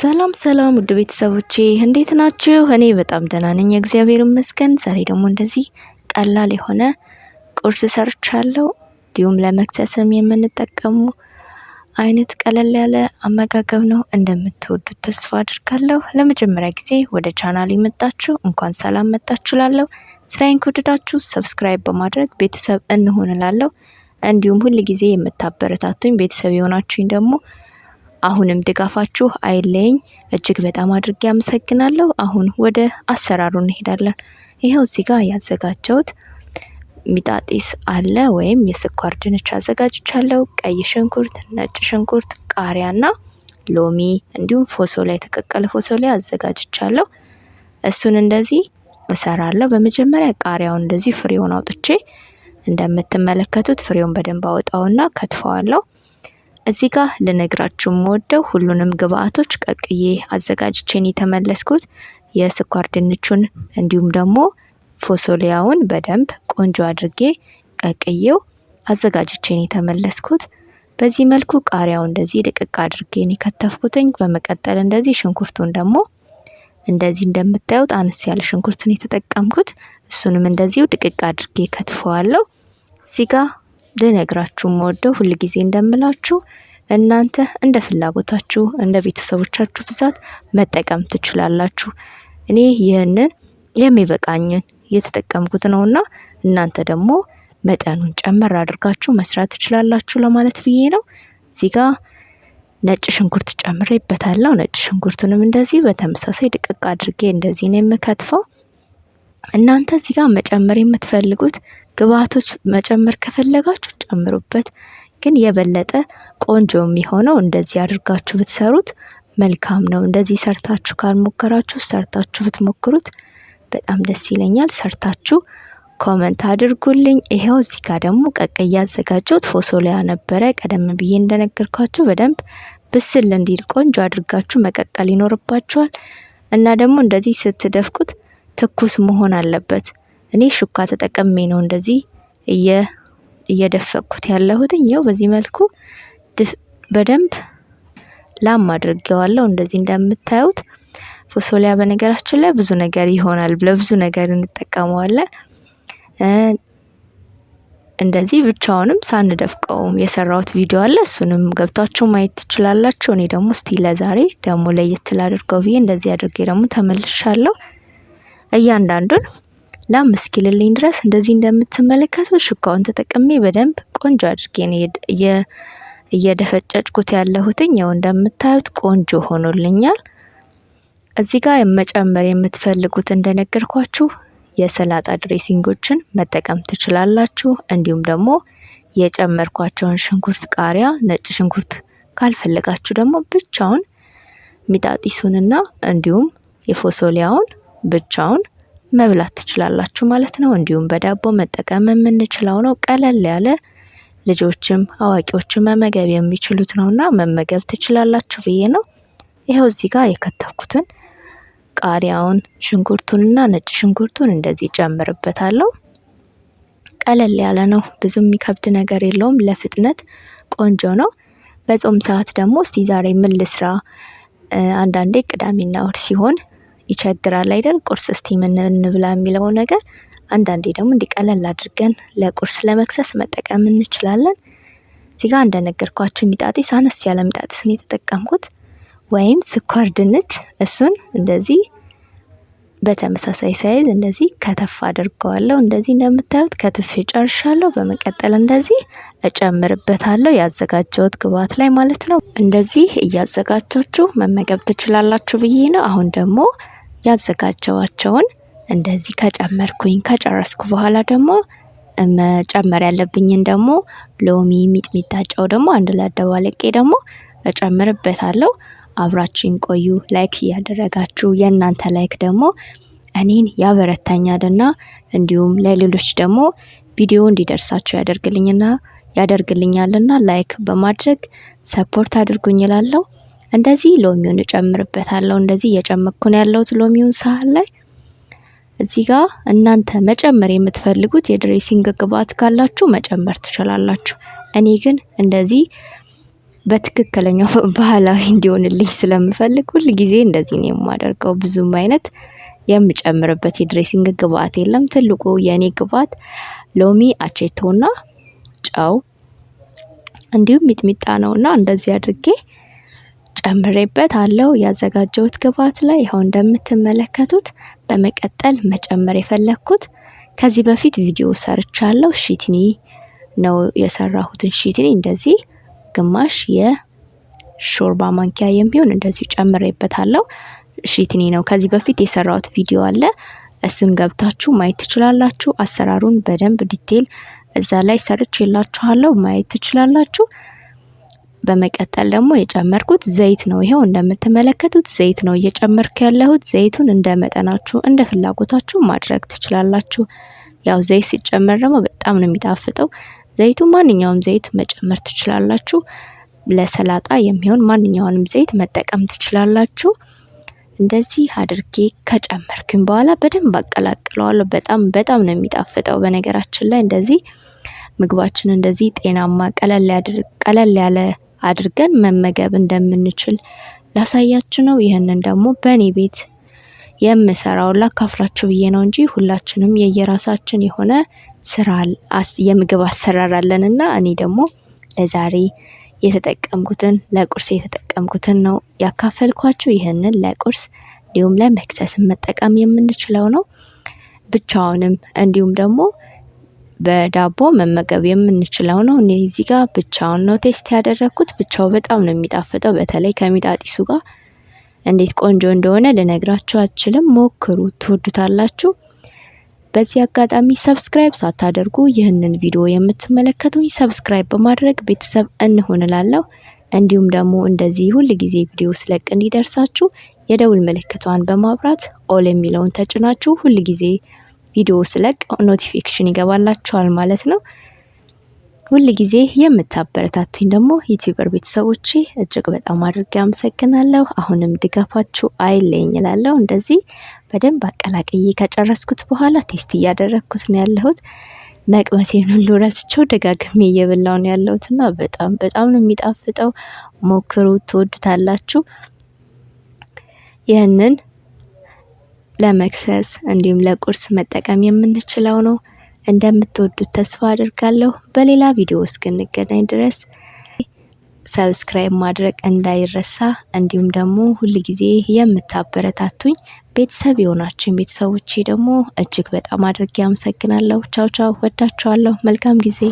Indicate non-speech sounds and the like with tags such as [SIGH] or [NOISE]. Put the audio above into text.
ሰላም ሰላም ውድ ቤተሰቦቼ እንዴት ናችሁ? እኔ በጣም ደህና ነኝ፣ እግዚአብሔር ይመስገን። ዛሬ ደግሞ እንደዚህ ቀላል የሆነ ቁርስ ሰርቻለሁ። እንዲሁም ለመክሰስም የምንጠቀሙ አይነት ቀለል ያለ አመጋገብ ነው። እንደምትወዱት ተስፋ አድርጋለሁ። ለመጀመሪያ ጊዜ ወደ ቻናል የመጣችሁ እንኳን ሰላም መጣችሁ ላለሁ። ስራዬን ከወደዳችሁ ሰብስክራይብ በማድረግ ቤተሰብ እንሆንላለሁ። እንዲሁም ሁል ጊዜ የምታበረታቱኝ ቤተሰብ የሆናችሁኝ ደግሞ አሁንም ድጋፋችሁ አይለየኝ። እጅግ በጣም አድርጌ አመሰግናለሁ። አሁን ወደ አሰራሩ እንሄዳለን። ይኸው እዚህ ጋር ያዘጋጀሁት ሚጣጢስ አለ ወይም የስኳር ድንች አዘጋጅቻለሁ። ቀይ ሽንኩርት፣ ነጭ ሽንኩርት፣ ቃሪያና ሎሚ እንዲሁም ፎሶላ የተቀቀለ ፎሶላ አዘጋጅቻለሁ። እሱን እንደዚህ እሰራለሁ። በመጀመሪያ ቃሪያውን እንደዚህ ፍሬውን አውጥቼ እንደምትመለከቱት ፍሬውን በደንብ አወጣውና ከትፈዋለሁ። እዚህ ጋር ልነግራችሁ የምወደው ሁሉንም ግብአቶች ቀቅዬ አዘጋጅቼን የተመለስኩት የስኳር ድንቹን እንዲሁም ደግሞ ፎሶሊያውን በደንብ ቆንጆ አድርጌ ቀቅዬው አዘጋጅቼን የተመለስኩት። በዚህ መልኩ ቃሪያው እንደዚህ ድቅቅ አድርጌን የከተፍኩትኝ። በመቀጠል እንደዚህ ሽንኩርቱን ደግሞ እንደዚህ እንደምታዩት አነስ ያለ ሽንኩርትን የተጠቀምኩት እሱንም እንደዚሁ ድቅቅ አድርጌ ከትፈዋለሁ እዚህ ጋር ልነግራችሁ የምወደው ሁል ጊዜ እንደምላችሁ እናንተ እንደ ፍላጎታችሁ እንደ ቤተሰቦቻችሁ ብዛት መጠቀም ትችላላችሁ። እኔ ይህንን የሚበቃኝን የተጠቀምኩት ነውና እናንተ ደግሞ መጠኑን ጨመር አድርጋችሁ መስራት ትችላላችሁ ለማለት ብዬ ነው። እዚህ ጋ ነጭ ሽንኩርት ጨምሬበታለሁ። ነጭ ሽንኩርቱንም እንደዚህ በተመሳሳይ ድቅቅ አድርጌ እንደዚህ ነው የምከትፈው። እናንተ እዚህ ጋር መጨመር የምትፈልጉት ግብአቶች መጨመር ከፈለጋችሁ ጨምሩበት። ግን የበለጠ ቆንጆ የሚሆነው እንደዚህ አድርጋችሁ ብትሰሩት መልካም ነው። እንደዚህ ሰርታችሁ ካልሞከራችሁ ሰርታችሁ ብትሞክሩት በጣም ደስ ይለኛል። ሰርታችሁ ኮመንት አድርጉልኝ። ይሄው እዚህ ጋር ደግሞ ቀቀይ ያዘጋጀሁት ፎሶሊያ ነበረ። ቀደም ብዬ እንደነገርኳችሁ በደንብ ብስል እንዲል ቆንጆ አድርጋችሁ መቀቀል ይኖርባችኋል። እና ደግሞ እንደዚህ ስትደፍቁት ትኩስ መሆን አለበት። እኔ ሹካ ተጠቀሜ ነው እንደዚህ እየደፈቅኩት ያለሁት ይኸው በዚህ መልኩ በደንብ ላም አድርጌዋለሁ። እንደዚህ እንደምታዩት ፎሶሊያ በነገራችን ላይ ብዙ ነገር ይሆናል፣ ለብዙ ነገር እንጠቀመዋለን። እንደዚህ ብቻውንም ሳንደፍቀውም የሰራሁት ቪዲዮ አለ። እሱንም ገብታችሁ ማየት ትችላላችሁ። እኔ ደግሞ እስቲ ለዛሬ ደግሞ ለየት ላድርገው ብዬ እንደዚህ አድርጌ ደግሞ ተመልሻለሁ። እያንዳንዱን ላም እስኪልልኝ ድረስ እንደዚህ እንደምትመለከቱት ሽካውን ተጠቅሜ በደንብ ቆንጆ አድርጌ ነው እየደፈጨጭኩት ያለሁትኝ። ያው እንደምታዩት ቆንጆ ሆኖልኛል። እዚህ ጋር መጨመር የምትፈልጉት እንደነገርኳችሁ የሰላጣ ድሬሲንጎችን መጠቀም ትችላላችሁ። እንዲሁም ደግሞ የጨመርኳቸውን ሽንኩርት፣ ቃሪያ፣ ነጭ ሽንኩርት ካልፈለጋችሁ ደግሞ ብቻውን ሚጣጢሱንና እንዲሁም የፎሶሊያውን ብቻውን መብላት ትችላላችሁ ማለት ነው። እንዲሁም በዳቦ መጠቀም የምንችለው ነው። ቀለል ያለ ልጆችም አዋቂዎችም መመገብ የሚችሉት ነውና መመገብ ትችላላችሁ ብዬ ነው። ይኸው እዚህ ጋር የከተፍኩትን ቃሪያውን ሽንኩርቱንና ነጭ ሽንኩርቱን እንደዚህ ጨምርበታለሁ። ቀለል ያለ ነው። ብዙ የሚከብድ ነገር የለውም። ለፍጥነት ቆንጆ ነው። በጾም ሰዓት ደግሞ እስቲ ዛሬ ምን ልስራ፣ አንዳንዴ ቅዳሜና እሁድ ሲሆን ይቸግራል አይደል? ቁርስ እስቲ ምን እንብላ የሚለው ነገር አንዳንዴ ደግሞ እንዲቀለል ቀለል አድርገን ለቁርስ ለመክሰስ መጠቀም እንችላለን። እዚህ ጋር እንደነገርኳቸው ሚጣጢስ አነስ ያለ ሚጣጢስ ነው የተጠቀምኩት። ወይም ስኳር ድንች እሱን እንደዚህ በተመሳሳይ ሳይዝ እንደዚህ ከተፍ አድርገዋለሁ። እንደዚህ እንደምታዩት ከትፍ ጨርሻለሁ። በመቀጠል እንደዚህ እጨምርበታለሁ ያዘጋጀሁት ግብዓት ላይ ማለት ነው። እንደዚህ እያዘጋጃችሁ መመገብ ትችላላችሁ ብዬ ነው። አሁን ደግሞ ያዘጋጀዋቸውን እንደዚህ ከጨመርኩኝ ከጨረስኩ በኋላ ደግሞ መጨመር ያለብኝን ደግሞ ሎሚ፣ ሚጥሚጣ፣ ጨው ደግሞ አንድ ላይ አደባለቄ ደግሞ እጨምርበታለሁ። አብራችን ቆዩ። ላይክ እያደረጋችሁ የእናንተ ላይክ ደግሞ እኔን ያበረታኛልና እንዲሁም ለሌሎች ደግሞ ቪዲዮ እንዲደርሳቸው ያደርግልኝና ያደርግልኛልና ላይክ በማድረግ ሰፖርት አድርጉኝ እላለሁ። እንደዚህ ሎሚውን እጨምርበታለሁ። እንደዚህ እየጨመቅኩ ነው ያለሁት ሎሚውን ሳህን ላይ። እዚህ ጋር እናንተ መጨመር የምትፈልጉት የድሬሲንግ ግብአት ካላችሁ መጨመር ትችላላችሁ። እኔ ግን እንደዚህ በትክክለኛው [LAUGHS] ባህላዊ እንዲሆንልኝ ስለምፈልግ ሁል ጊዜ እንደዚህ ነው የማደርገው። ብዙም አይነት የምጨምርበት የድሬሲንግ ግብአት የለም። ትልቁ የእኔ ግብአት ሎሚ፣ አቼቶና ጨው እንዲሁም ሚጥሚጣ ነውና እንደዚህ አድርጌ ጨምሬበት አለው ያዘጋጀሁት ግብአት ላይ ይኸው እንደምትመለከቱት። በመቀጠል መጨመር የፈለግኩት ከዚህ በፊት ቪዲዮ ሰርቻለሁ። ሺትኒ ነው የሰራሁትን ሺትኒ እንደዚህ ግማሽ የሾርባ ማንኪያ የሚሆን እንደዚሁ ጨምሬበታለሁ። ሺትኒ ነው። ከዚህ በፊት የሰራሁት ቪዲዮ አለ እሱን ገብታችሁ ማየት ትችላላችሁ። አሰራሩን በደንብ ዲቴል እዛ ላይ ሰርቼላችኋለሁ ማየት ትችላላችሁ። በመቀጠል ደግሞ የጨመርኩት ዘይት ነው። ይሄው እንደምትመለከቱት ዘይት ነው እየጨመርኩ ያለሁት። ዘይቱን እንደ መጠናችሁ እንደ ፍላጎታችሁ ማድረግ ትችላላችሁ። ያው ዘይት ሲጨመር ደግሞ በጣም ነው የሚጣፍጠው። ዘይቱ ማንኛውም ዘይት መጨመር ትችላላችሁ። ለሰላጣ የሚሆን ማንኛውንም ዘይት መጠቀም ትችላላችሁ። እንደዚህ አድርጌ ከጨመርኩኝ በኋላ በደንብ አቀላቅለዋለሁ። በጣም በጣም ነው የሚጣፍጠው። በነገራችን ላይ እንደዚህ ምግባችን እንደዚህ ጤናማ ቀለል ቀለል ያለ አድርገን መመገብ እንደምንችል ላሳያችሁ ነው። ይህንን ደግሞ በእኔ ቤት የምሰራውን ላካፍላችሁ ብዬ ነው እንጂ ሁላችንም የየራሳችን የሆነ ስራ የምግብ አሰራር አለን እና እኔ ደግሞ ለዛሬ የተጠቀምኩትን ለቁርስ የተጠቀምኩትን ነው ያካፈልኳችሁ። ይህንን ለቁርስ እንዲሁም ለመክሰስ መጠቀም የምንችለው ነው። ብቻውንም እንዲሁም ደግሞ በዳቦ መመገብ የምንችለው ነው። እኔ እዚህ ጋር ብቻውን ነው ቴስት ያደረግኩት። ብቻው በጣም ነው የሚጣፍጠው። በተለይ ከሚጣጢሱ ጋር እንዴት ቆንጆ እንደሆነ ልነግራችሁ አልችልም። ሞክሩ፣ ትወዱታላችሁ። በዚህ አጋጣሚ ሰብስክራይብ ሳታደርጉ ይህንን ቪዲዮ የምትመለከቱኝ ሰብስክራይብ በማድረግ ቤተሰብ እንሆን እንዲሁም ደግሞ እንደዚህ ሁል ጊዜ ቪዲዮ ስለቅ እንዲደርሳችሁ የደውል ምልክቷን በማብራት ኦል የሚለውን ተጭናችሁ ሁል ጊዜ ቪዲዮ ስለቅ ኖቲፊኬሽን ይገባላችኋል ማለት ነው። ሁል ጊዜ የምታበረታቱኝ ደግሞ ዩቲዩበር ቤተሰቦች እጅግ በጣም አድርጌ አመሰግናለሁ። አሁንም ድጋፋችሁ አይለኝ እላለሁ። እንደዚህ በደንብ አቀላቅዬ ከጨረስኩት በኋላ ቴስት እያደረግኩት ነው ያለሁት። መቅመሴን ሁሉ ረስቸው ደጋግሜ እየበላሁ ነው ያለሁትና በጣም በጣም ነው የሚጣፍጠው። ሞክሩ ትወዱታላችሁ። ይህንን ለመክሰስ እንዲሁም ለቁርስ መጠቀም የምንችለው ነው። እንደምትወዱት ተስፋ አድርጋለሁ። በሌላ ቪዲዮ እስክንገናኝ ድረስ ሰብስክራይብ ማድረግ እንዳይረሳ፣ እንዲሁም ደግሞ ሁል ጊዜ የምታበረታቱኝ ቤተሰብ የሆናችሁ ቤተሰቦቼ ደግሞ እጅግ በጣም አድርጌ አመሰግናለሁ። ቻው ቻው፣ ወዳችኋለሁ። መልካም ጊዜ